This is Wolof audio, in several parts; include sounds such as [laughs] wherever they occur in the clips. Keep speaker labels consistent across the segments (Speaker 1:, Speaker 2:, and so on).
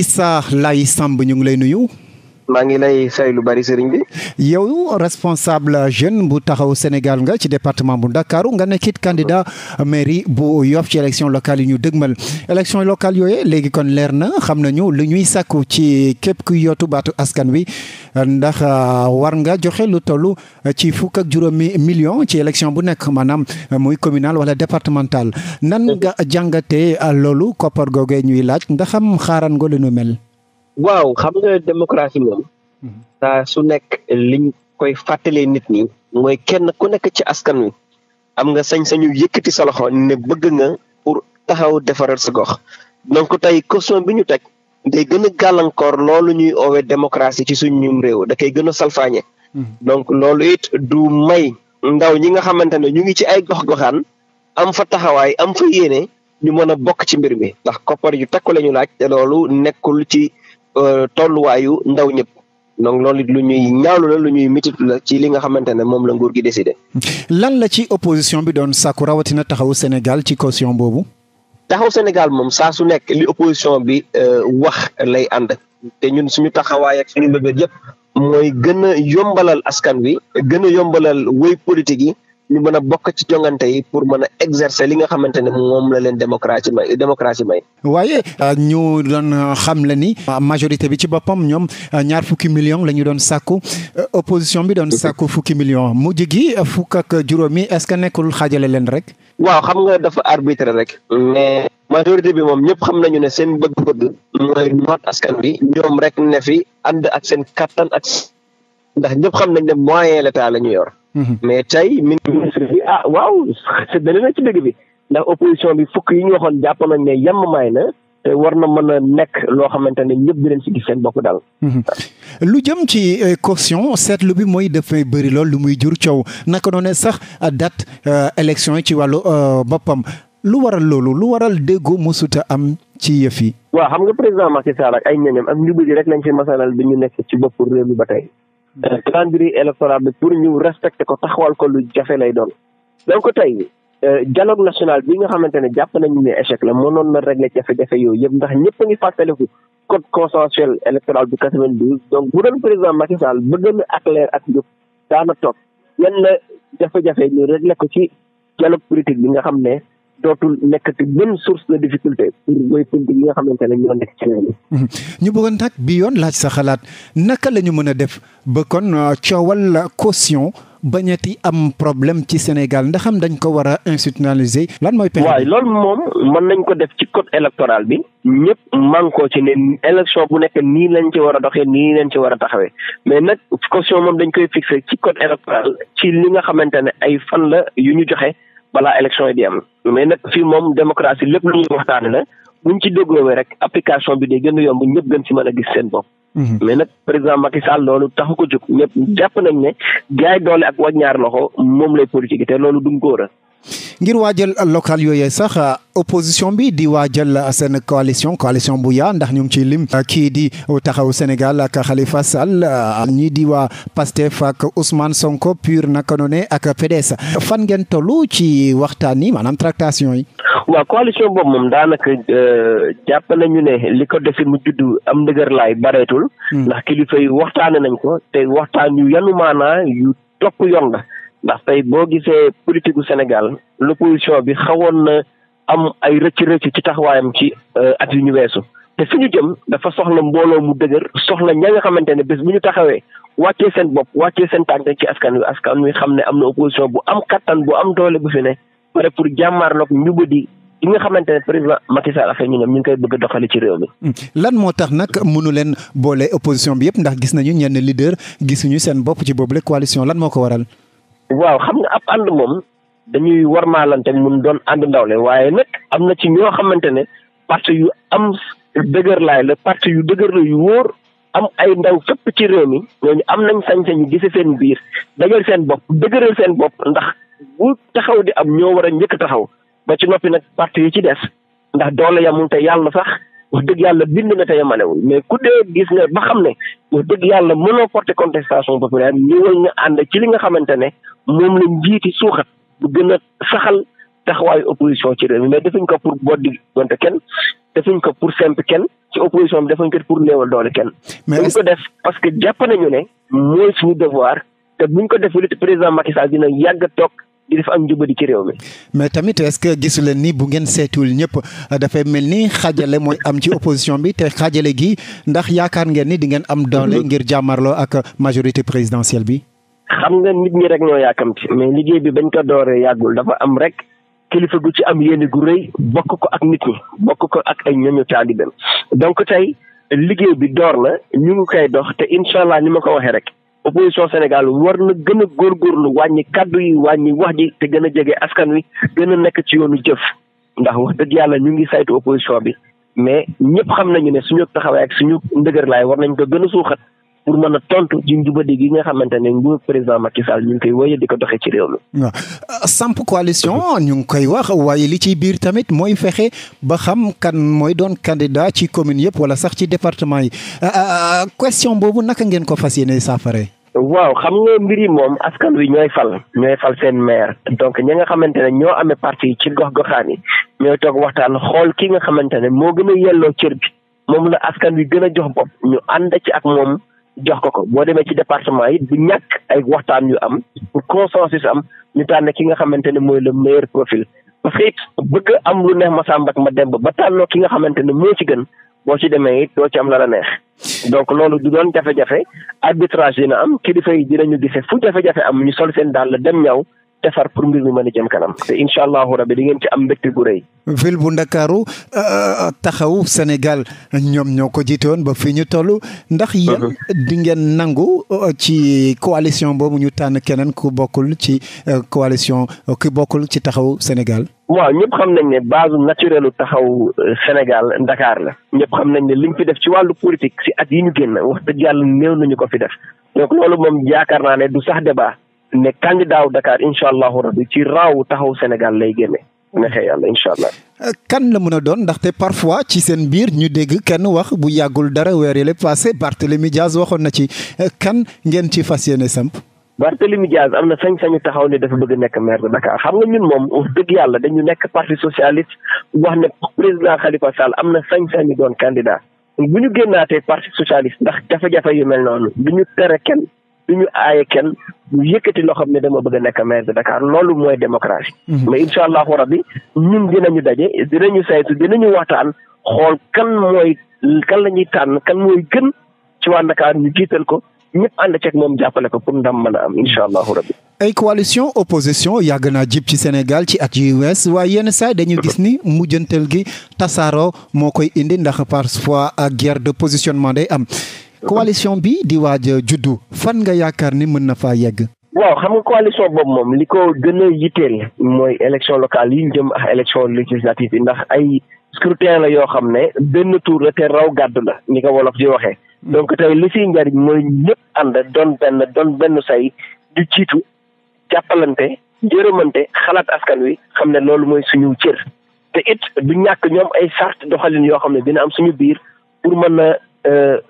Speaker 1: Issa Laye Samb ñu ngi lay nuyu.
Speaker 2: maa ngi lay say lu bari sëriñ bi.
Speaker 1: yow responsable jeune bu taxaw Sénégal nga ci département bu Ndakaaru nga nekkit candidat mairie bu Yoff ci élection locale yi ñu dëgmal élection locale yooyu léegi kon leer na xam nañu lu ñuy sàkku ci képp ku yootu baatu askan wi ndax euh, war nga joxe lu toll euh, ci fukk ak juróomi million ci élection bu nekk maanaam euh, muy communal wala départemental nan nga jàngatee loolu koppar googee ñuy laaj ndax am xaaran nga lu nu mel.
Speaker 2: waaw xam nga démocratie moom. Mhm. saa su nekk liñ koy fàttalee nit ñi. mooy kenn ku nekk ci askan wi. am nga sañ-sañu yëkkati sa loxo ne bëgg nga pour taxaw defaral sa gox. donc tey caution bi ñu teg. day gën a gàllankoor loolu ñuy oowee démocratie ci suñu réew da kay gën a salfaañe. Mhm. donc loolu it du may. ndaw ñi nga xamante ne ñu ngi ci ay gox-goxaan. am fa taxawaay am fa yéene. ñu mën a bokk ci mbir mi ndax koppar yu takku lañu ñu laaj loolu nekkul ci. Euh, tolluwaayu ndaw ñëpp. donc loolu lu ñuy ñaawlu la lu ñuy mitit la ci li nga xamante ne moom la nguur gi décidé.
Speaker 1: lan la ci opposition bi doon sàkku rawatina taxawu Sénégal ci caution boobu.
Speaker 2: taxaw Sénégal moom saa su nekk li opposition bi euh, wax lay ànd te ñun suñu taxawaay ak suñu mbëbët jëp mooy gën a yombalal askan wi gën a yombalal wéy politique yi. ñu mën a bokk ci jongante yi pour mën a exercer li nga xamante ne moom la leen démocratie may démocratie may.
Speaker 1: waaye euh, ñu doon euh, xam la ni euh, majorité bi ci boppam ñoom ñaar fukki million la ñu doon sàkku opposition bi doon sàkku fukki million mujj gi fukk ak juróomi est-ce que nekkul xaajale leen rek.
Speaker 2: waaw xam nga dafa arbitre rek. mais majorité bi moom ñëpp xam nañu ne seen bëgg-bëgg. mooy noot askan bi. ñoom rek ne fi ànd ak seen kattan ak ndax ñëpp xam nañ ne moyen l'état la ñu yor. Mhm. mais tey ministre bi ah waaw séddale [laughs] na ci dëgg bi ndax opposition bi fukk yi ñu waxoon jàpp nañ ne yemm may na te war na mën a nekk loo xamante ne ñëpp dinañ si gis seen bopp daal.
Speaker 1: Mhm. lu jëm ci euh, caution seetlu bi mooy dafay bëri lool lu muy jur coow naka noonu sax date euh, élection yi ci wàllu euh, boppam lu waral loolu lu waral déggoo mosuta am ci yëf yi.
Speaker 2: waa xam nga président Macky Sall ak ay ñoñam ak ñu bëri rek lañ ci masalal bi ñu nekk ci bopp réew mi ba tey. calendrier euh, électoral bi pour ñu respecter ko taxawal ko lu jafe lay doon ko tey euh, dialogue national bi nga xamante ne jàpp nañu ne échec la mënoon na régler jafe-jafe yooyu yëpp ndax ñëpp a ngi fàttaliku code consensuel électoral bu 92 donc bu doon président Macky Sall bëgg na ak leer ak njub daana toog yan la jafe-jafe ñu régler ko ci dialogue politique bi nga xam ne dootul nekkati même source de difficulté pour mooy pënd yi nga xamante ne ñoo nekk ci réew
Speaker 1: ñu bëggoon nag bi yoon laaj sa xalaat naka la ñu mën a def ba kon euh, coowal caution bañati am problème ci Sénégal ndaxam dañ ko war a institutionnaliser. lan mooy pexe waaye
Speaker 2: moom mën nañ ko def ci code électoral bi. ñëpp mànkoo ci ne élection bu nekk nii lañ ci war a doxee nii leen ci war a taxawee mais nag caution moom dañ koy fixé ci code électoral ci li nga xamante ne ay fan la yu ñu joxe. balaa élection yi di am mais nag fii moom démocratie lépp lu ñuy waxtaane la buñ ci dégloowee rek application bi day gën a yomb ñëpp gën si man a gis seen bopp. Mhm. mais nag ak Macky Sall loolu taxu ko jóg ñëpp jàpp nañ ne jaay doole ak waññaar loxo moom lay politique te loolu duñ ko war
Speaker 1: ngir waa waajal local yooye sax opposition bi di waajal seen coalition coalition bu yaa ndax ñu ngi ciy lim kii di taxaw Sénégal ak Khalifa Sall ñii di waa Pastef ak Ousmane Sonko pur naka noone ak PDS fan ngeen tollu ci waxtaan yi maanaam tractation yi.
Speaker 2: waa coalition boobu moom daanaka euh, jàpp nañu ne li ko defee mu juddu am ndëgër laay bareetul. Hmm. ndax kilifa yi waxtaane nañ ko te waxtaan yu yanu maanaa yu topp yoon la. ndax tey boo gisee politique gu Sénégal l'opposition bi xawoon na am ay rëcc-rëcc ci taxawaayam ci euh, at yu ñu weesu te fi ñu jëm dafa soxla mbooloo mu dëgër soxla ña nga xamante ne bés bu ñu taxawee wàccee seen bopp wàccee seen tànk ci askan wi askan wi xam ne am na opposition bu am kattan bu am doole bu fi ne pare pour jàmmaarloog njubadi li nga xamante ne président Macky Sall affaire ñu ñu ngi koy bëgg a doxali ci réew mi.
Speaker 1: Hmm. lan moo tax nag mënu leen boole opposition bi yëpp ndax gis nañu ñenn leader gisuñu seen bopp ci boobule coalition lan moo ko waral.
Speaker 2: waaw xam nga ab ànd moom dañuy war warmaalante mun doon ànd ndawle waaye nag am na ci ñoo xamante ne parti yu am dëgër la parti yu dëgër la yu wóor am ay ndaw fépp ci réew mi ñooñu am nañ sañ-sañu gise seen biir dajal seen bopp dëgëral seen bopp ndax bu taxaw di am ñoo war a njëkk taxaw ba ci noppi nag parti yi ci des ndax doole yamul te yàlla sax wax dëgg yàlla bind na te yemalewul mais ku dee gis nga ba xam ne wax dëgg yàlla mënoo porter contestation populaire ñëwal nga ànd ci li nga xamante ne moom la njiiti suuxat bu gën a saxal taxawaayu opposition ci réew mi mais defuñ ko pour boddi donte kenn defuñ ko pour simple kenn ci opposition bi defuñ ko pour néewal doole kenn. mais parce que jàpp nañu ne mooy suñu devoir te buñ ko defee président Macky Sall dina yàgg toog. di def ak njubadi ci réew mi.
Speaker 1: mais tamit est gisuleen que ni bu ngeen seetiwul ñëpp dafay mel ni xaajale mooy am ci opposition bi te xaajale gi ndax yaakaar ngeen ni di ngeen am doole ngir jàmmarloo ak majorité présidentielle bi.
Speaker 2: xam nga nit ñi rek ñoo yaakamti mais liggéey bi bañ ko dooree yàggul dafa am rek kilifa gu ci am yéene gu rëy bokk ko ak nit ñi bokk ko ak ay ñoñu taalibeem donc tey liggéey bi door na ñu ngi koy dox te incha allah ni ma ko waxee rek. opposition Sénégal war na gën a góorgóorlu wàññi kàddu yi wàññi wax ji te gën a jege askan wi gën a nekk ci yoonu jëf ndax wax dëgg yàlla ñu ngi saytu opposition bi mais ñëpp xam nañu ne suñu taxawaay ak suñu ndëgër laay war nañ ko gën a suuxat pour mën a tontu ci njubadi gi nga xamante ne nguur président Macky Sall ñu ngi koy wéyal di ko doxee ci réew mi.
Speaker 1: waaw euh, samp coalition ñu ngi koy wax waaye li ci biir tamit mooy fexe ba xam kan mooy doon candidat ci commune yëpp wala sax ci département yi euh, euh, question boobu naka ngeen ko fas yéene saafara.
Speaker 2: waaw xam nga mbiri moom askan wi ñooy fal ñooy fal seen maire donc ñi nga xamante ñoo amee parti ci gox-goxaan yi ñooy toog waxtaan xool ki nga xamante moo gën a yelloo cër bi moom la askan wi gën a jox bopp jox ko ko boo demee ci département yi du ñàkk ay waxtaan yu am pour consensus am ñu tànn ki nga xamante ne mooy le meilleur profil parce que bëgg am lu neex ma sàmbat ma dem ba tànnoo ki nga xamante ne moo ci gën boo ci demee it doo ci am la la neex donc loolu du doon jafe-jafe arbitrage dina am kilifa yi dinañu gisee fu jafe-jafe am ñu sol seen daal dem ñaw defar pour mbir mi mën a jëm kanam te incha allahu rabbi di ngeen ci am mbégte gu rëy.
Speaker 1: ville bu ndakaaru euh, taxaw Sénégal ñoom ñoo ko jiite woon ba fii ñu toll ndax yéen mhm. di ngeen nangu euh, ci coalition boobu ñu tànn keneen ku bokkul ci euh, coalition ku bokkul ci taxaw Sénégal.
Speaker 2: waaw ñëpp xam nañ ne base naturelle lu taxaw Sénégal Dakar la ñëpp xam nañ ne liñ fi def ci wàllu politique si ak yi ñu génn wax dëgg yàlla néew nañu ko fi def donc loolu moom yaakaar naa ne du sax débat. ne candidat wu Dakar incha allahu rabbi ci raawu taxaw Sénégal lay génne neexee yàlla incha allah.
Speaker 1: Euh, kan la mën a doon ndax ndaxte parfois ci seen biir ñu dégg kenn wax bu yàggul dara weer yi yële passé Barthélémy Diaz waxoon na ci euh, kan ngeen ci fas yéene samp.
Speaker 2: Barthélémy Diaz am na sañ-sañu taxaw ne dafa bëgg nekk maire de Dakar xam nga ñun moom wax dëgg yàlla dañu nekk parti socialiste wax ne président Khalifa Sall am na sañ-sañu doon candidat bu ñu génnaatee parti socialiste ndax jafe-jafe yu mel du ñu aaye kenn ñu yëkkati loo xam ne dama bëgg a nekk maire de loolu mooy démocratie. Mhm. mais incha allahu rabbi ñun dinañu daje dinañu saytu dinañu waxtaan xool kan mooy kan la ñuy tànn kan mooy gën ci waa Dakar ñu jiital ko. ñëpp ànd ceeg moom jàppale ko pour ndam man a am incha allahu rabbi
Speaker 1: ay coalition opposition yàgg naa jib ci Sénégal ci at yu wees waaye yenn saay dañu gis ni mujjantal gi tasaaroo moo koy indi ndax parfois guerre de positionnement day am coalition bi di waaj a juddu fan nga yaakaar ni mën na faa yegg.
Speaker 2: waaw xam nga coalition boobu moom li ko gën a yitteel mooy élection locale yi ñu jëm ak élection législative yi ndax ay scrutin la yoo xam ne benn tour la te raw gàddu la ni ko wolof di waxee. Hmm. donc tey li siy njariñ mooy ñëpp ànd doon benn doon benn say ñu jiitu jàppalante yërëmante xalaat askan wi xam ne loolu mooy suñu cër te it du ñàkk ñoom ay charte doxalin yoo xam ne dina am suñu biir pour mën euh,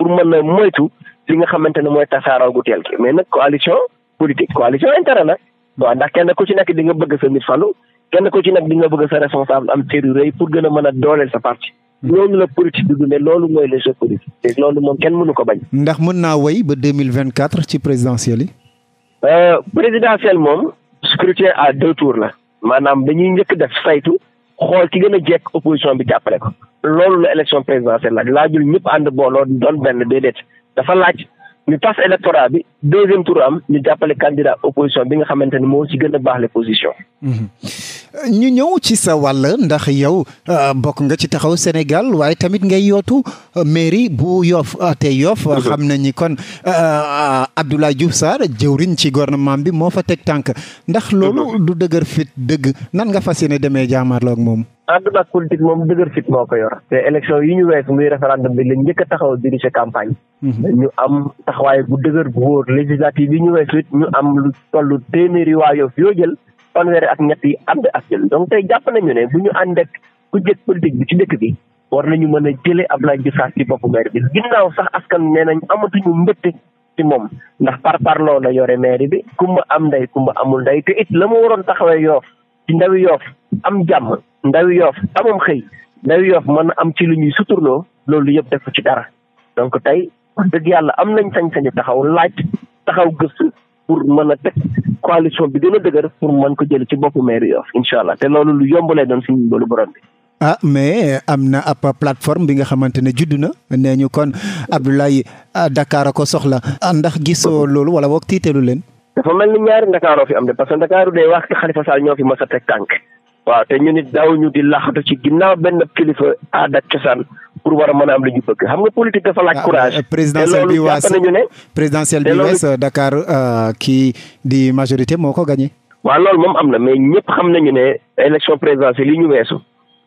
Speaker 2: pour mën a moytu li nga xamante ne mooy tasaaroo gu teel ki mais nag coalition politique coalition intérêt la waaw ndax kenn ku ci nekk di nga bëgg sa nit falu kenn ku ci nekk di nga bëgg sa responsable am cër yu rëy pour gën a mën a dooleel sa parti. Hmm. loolu la politique bi dundee loolu mooy les jeux politiques loolu moom kenn mënu ko bañ.
Speaker 1: ndax mën naa way ba deux mille vingt quatre ci présidentielle yi.
Speaker 2: Euh, présidentielle moom. scrutin à deux tour la. maanaam dañuy njëkk def saytu xool ki gën a jekk bi jàppale ko. loolu la élection présidentielle laaj laajul ñëpp ànd booloo doon benn déedéet dafa laaj ñu tas électorat bi deuxième tour am ñu jàppale candidat opposition bi nga xamante ni moo ci gën a baax les positions.
Speaker 1: Mhm. ñu ñëw ci sa wàll ndax yow euh, bokk nga ci taxaw Sénégal waaye tamit ngay yootu euh, mairie bu Yoff euh, te Yoff xam na ñi kon Abdoulaye Diouf Sarr jëwriñ ci gouvernement bi moo fa teg tànk ndax loolu du dëgër fit dëgg nan nga fas yéene demee jaamaarloo ak moom.
Speaker 2: ànduma ak politique moom dëgër fit moo ko yor te élection yi ñu weesu muy référendum bi la njëkk a taxaw diriger campagne mhm. ñu am taxawaay bu dëgër bu wóor législative yi ñu weesu it ñu am lu tollu téeméeri waa Yoff yoo jël fanweeri ak ñett yi ànd ak jël tey jàpp nañu ne bu ñu ànd ku jëkk politique bi ci dëkk bi war nañu mën a jëlee Abdoulaye Diouf Sarr ci boppu maire bi ginnaaw sax askan nee nañ amatuñu mbëtt ci moom ndax par parloo la yore maire bi kumba am ndey kumba amul ndey te it la mu waroon taxawee Yoff ci ndawi Yoff am jàmm ndawi yoof amam xëy ndawi yoof mën am ci lu ñuy suturloo loolu yëpp def ci dara donc tey wax dëgg yàlla am nañ sañ-sañu taxaw laaj taxaw gëstu pour mën a teg coalition bi gën a dëgër pour mën ko jël ci boppu maire yoof incha allah te loolu lu yomb lay doon suñu mbalu borom bi.
Speaker 1: ah mais am na ab plateforme bi nga xamante ne judd na nee ñu kon Abdoulaye ah, Dakar a ko soxla ah, ndax gisoo loolu wala boog tiitalu leen.
Speaker 2: dafa mel ni ñaari Ndakaaroo fi am de parce que Ndakaaru day a teg tànk. waaw te ñu nit ñu di laxatu ci ginnaaw benn kilifa aada ak cosaan pour war a mën a am lu ñu bëgg xam nga politique dafa laaj ah, courage. Euh, présidentielle bi waas te loolu présidentielle bi wees
Speaker 1: Dakar euh, kii di majorité moo ko gagné.
Speaker 2: waaw loolu moom am na mais ñëpp xam nañu ne élection présidentielle yi ñu weesu.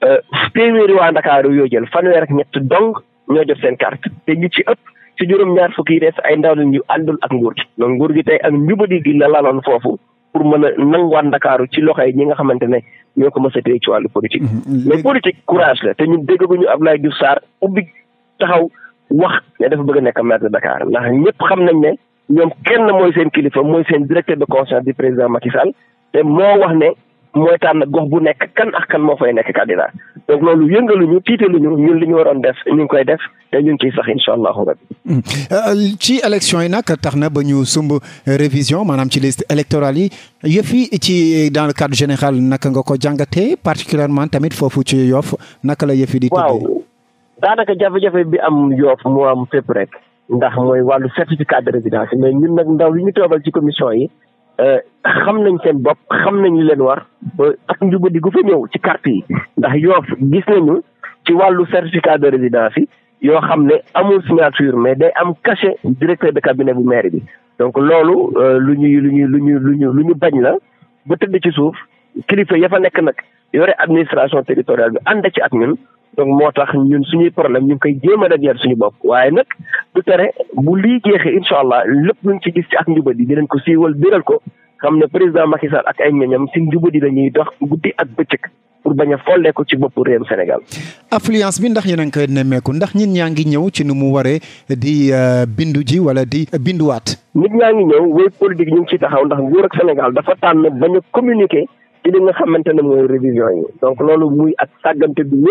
Speaker 2: Euh, téeméeri waa Dakar yoo jël fanweer ak ñett dong ñoo jot seen carte te ñi ci ëpp ci juróom-ñaar fukki yi des ay ndaw lañu àndul ak nguur gi. donc nguur gi tey ak njubadi gi la laloon foofu. pour mën a nanguwaat Ndakaaru ci loxo yi ñi nga xamante ne ñoo ko mës a téye ci wàllu politique. Mhm. mais politique courage la te ñun déggaguñu Abdoulaye Diouf Sarr ubbi taxaw wax ne dafa bëgg a nekk maire de Dakar ndax ñëpp xam nañ ne ñoom kenn mooy seen kilifa mooy seen directeur de conscience du président Macky te moo wax ne. mooy tànn gox bu nekk kan ak kan moo fay nekk candidat donc loolu yëngaluñu tiitaluñu ñun li ñu waroon def ñu ngi koy def te ñu ngi ciy sax incha allahu rabbi
Speaker 1: hmm. euh, ci élection yi nag tax na ba ñu sumb révision maanaam ci liste électorale yi yëf yi ci dans le cadre général naka nga ko jàngatee particulièrement tamit foofu ci yoof naka la yëf yi di waaw
Speaker 2: daanaka jafe-jafe bi am Yoff moo am fépp rek ndax mooy wàllu certificat de résidence mais ñun nag ndaw yi ñu toogal ci commission yi Euh, xam nañ seen bopp xam nañ li leen war ba ak njubadi gu fa ñëw ci carte yi ndax yoof gis nañu ci wàllu certificat de résidence yi yoo xam ne amul signature mais day am cachet directeur de cabinet bu maire bi donc loolu euh, lu ñuy lu ñuy lu ñuy lu ñu lu ñu bañ la ba tëdd ci suuf kilifa ya fa nekk nag yore administration territoriale bi ànd ci ak ñun donc moo tax ñun suñuy problème ñu ngi koy jéem a dajeel suñu bopp waaye nag du tere bu lii jeexee incha allah lépp luñ ci gis ci ak njubadi yi dinañ ko siiwal biral ko xam ne président Macky Sall ak ay ñoñam ci njubadi la ñuy dox guddi ak bëccëg pour bañ a follee ko ci bopp réewum Sénégal.
Speaker 1: affluence bi ndax yéen a ngi nemmeeku ndax ñit ñaa ngi ñëw ci nu mu waree di euh, bindu ji wala di binduwaat.
Speaker 2: nit ñaa ngi ñëw wéy politique ñu ngi ciy taxaw ndax nguur ak Sénégal dafa tànn bañ a communiquer ci nga xamante ne mooy révision yi donc loolu muy ak bi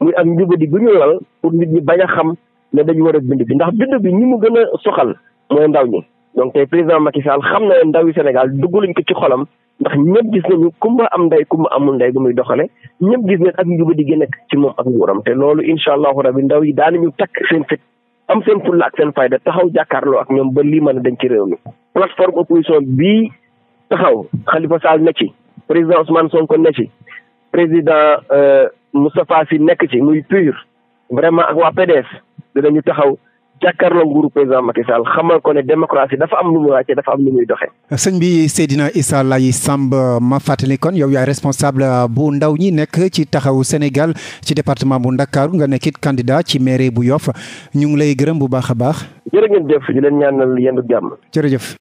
Speaker 2: muy ak njubadi bu ñu lal pour nit ñi bañ a xam ne dañu war a bind bi ndax bind bi ñi mu gën a soxal mooy ndaw ñi donc tey président Macky Sall xam na ndaw yi Sénégal duggaluñ ko ci xolam ndax ñëpp gis nañu kumba am ndey kumba amul ndey gu muy doxale ñëpp gis nañ ak njubadi gi nekk ci moom ak nguuram te loolu incha allahu rabi ndaw yi daanañu takk seen fit am seen fulla ak seen fayda taxaw jàkkaarloo ak ñoom ba lii mën a dañ ci réew mi plateforme opposition bii taxaw Khalifa Sall ne ci président Ousmane Sonko ne ci président euh, Moustapha Sy nekk ci muy pur vraiment ak waa PDS dinañu taxaw jàkkaarloo nguuru président Macky xamal ko ne démocratie dafa am lu mu dafa am lu muy doxee.
Speaker 1: sëñ bi Seydina Issa Laye Samb ma fàttali kon yow yaay responsable bu ndaw ñi nekk ci taxawu Sénégal ci département bu Ndakaaru nga nekkit candidat ci mairie bu Yoff ñu ngi lay gërëm bu baax a baax.
Speaker 2: jërë ngeen jëf ñu leen ñaanal yendu jàmm.
Speaker 1: jërëjëf.